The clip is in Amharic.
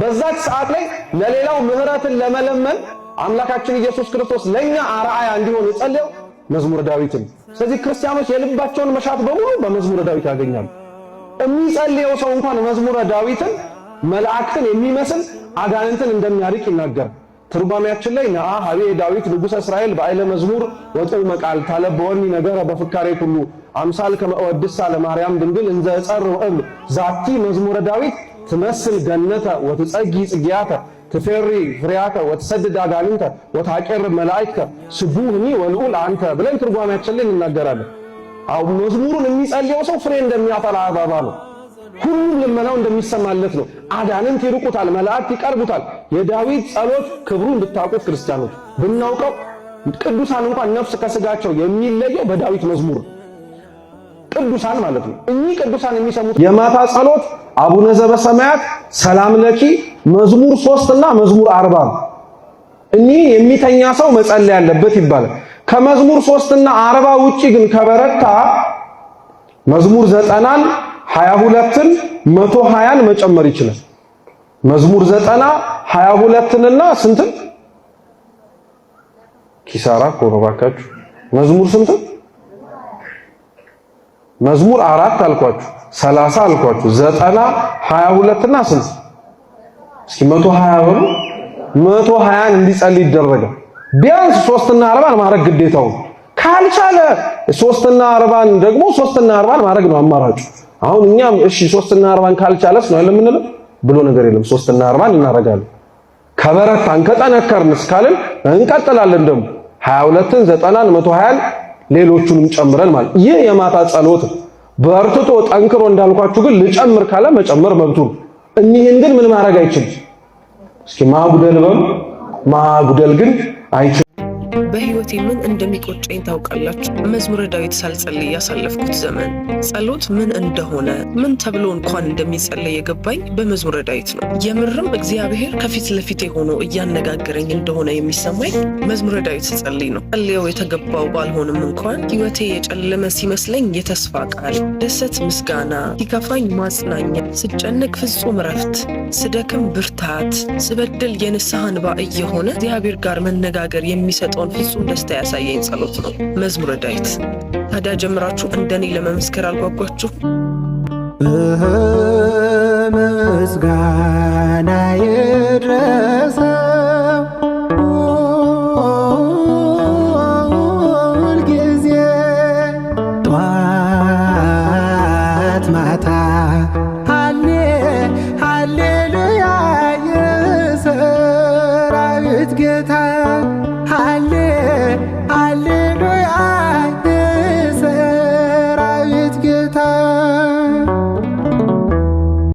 በዛች ሰዓት ላይ ለሌላው ምህረትን ለመለመን አምላካችን ኢየሱስ ክርስቶስ ለኛ አርአያ እንዲሆን የጸለየው መዝሙር ዳዊትን። ስለዚህ ክርስቲያኖች የልባቸውን መሻት በሙሉ በመዝሙረ ዳዊት ያገኛሉ። የሚጸልየው ሰው እንኳን መዝሙረ ዳዊትን መላእክትን የሚመስል አጋንንትን እንደሚያርቅ ይናገር። ትርጓሚያችን ላይ ነአ ሀቤ ዳዊት ንጉሠ እስራኤል በአይለ መዝሙር ወጥው መቃል ታለበወኒ ነገረ በፍካሬ ሁሉ አምሳል ከመወድሳ ለማርያም ድንግል እንዘ እም ዛቲ መዝሙረ ዳዊት ትመስል ገነተ ወትጸጊ ጽጌያተ ትፌሪ ፍሬያተ ወትሰድድ አጋንንተ ወታቄር መላእክተ ስቡህኒ ወልዑል አንተ ብለን ትርጓሜያችን ላይ እንናገራለን። መዝሙሩን የሚጸልየው ሰው ፍሬ እንደሚያፈራ አበባ ነው። ሁሉም ልመናው እንደሚሰማለት ነው። አጋንንት ይርቁታል፣ መላእክት ይቀርቡታል። የዳዊት ጸሎት ክብሩን እንድታውቁት ክርስቲያኖች ብናውቀው ቅዱሳን እንኳን ነፍስ ከስጋቸው የሚለየው በዳዊት መዝሙር ነው። ቅዱሳን ማለት ነው። እኚህ ቅዱሳን የሚሰሙት የማታ ጸሎት አቡነ ዘበሰማያት ሰላም ለኪ መዝሙር ሶስት እና መዝሙር አርባ ነው። የሚተኛ ሰው መጸለይ ያለበት ይባላል። ከመዝሙር ሶስት እና አርባ ውጪ ግን ከበረታ መዝሙር ዘጠናን ሀያ ሁለትን መቶ ሀያን መጨመር ይችላል። መዝሙር ዘጠና ሀያ ሁለትንና ስንትን ኪሳራ ኮረባካችሁ መዝሙር ስንትን መዝሙር አራት አልኳችሁ፣ ሰላሳ አልኳችሁ፣ ዘጠና ሀያ ሁለትና ስልሳ እስኪ መቶ ሀያ ሆኑ። መቶ ሀያን እንዲጸልይ ይደረጋል። ቢያንስ ሶስትና አርባን ማድረግ ግዴታው ካልቻለ ሶስትና አርባን ደግሞ ሶስትና አርባን ማድረግ ነው አማራጩ። አሁን እኛም እሺ ሶስትና አርባን ካልቻለስ ነው የምንለው ብሎ ነገር የለም። ሶስትና አርባን እናደርጋለን። ከበረታን ከጠነከርንስ ካልን እንቀጥላለን ደግሞ 22 90 120 ሌሎቹንም ጨምረን ማለት ይህ የማታ ጸሎት በርትቶ ጠንክሮ እንዳልኳችሁ ግን ልጨምር ካለ መጨመር መብቱ ነው። እኒህን ግን ምን ማድረግ አይችልም። እስኪ ማጉደል በሉ ማጉደል ግን አይችልም። በህይወቴ ምን እንደሚቆጨኝ ታውቃላችሁ? መዝሙረ ዳዊት ሳልጸልይ ያሳለፍኩት ዘመን፣ ጸሎት ምን እንደሆነ ምን ተብሎ እንኳን እንደሚጸለይ የገባኝ በመዝሙረ ዳዊት ነው። የምርም እግዚአብሔር ከፊት ለፊቴ ሆኖ እያነጋገረኝ እንደሆነ የሚሰማኝ መዝሙረ ዳዊት ስጸልይ ነው። ጸልየው የተገባው ባልሆንም እንኳን ህይወቴ የጨለመ ሲመስለኝ የተስፋ ቃል፣ ደሰት፣ ምስጋና፣ ሲከፋኝ ማጽናኛ፣ ስጨነቅ ፍጹም ረፍት፣ ስደክም ብርታት፣ ስበድል የንስሐ እንባ እየሆነ እግዚአብሔር ጋር መነጋገር የሚሰጠውን ፍጹም ደስታ ያሳየኝ ጸሎት ነው። መዝሙረ ዳዊት። ታዲያ ጀምራችሁ እንደኔ ለመመስከር አልጓጓችሁ? ምስጋና ይድረሰው ሃሌሉያ የሰራዊት ጌታ ሃሌ